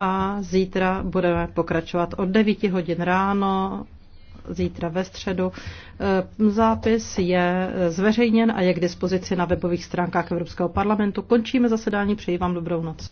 a zítra budeme pokračovat od 9 hodin ráno, zítra ve středu. E, zápis je zveřejněn a je k dispozici na webových stránkách Evropského parlamentu. Končíme zasedání, přeji vám dobrou noc.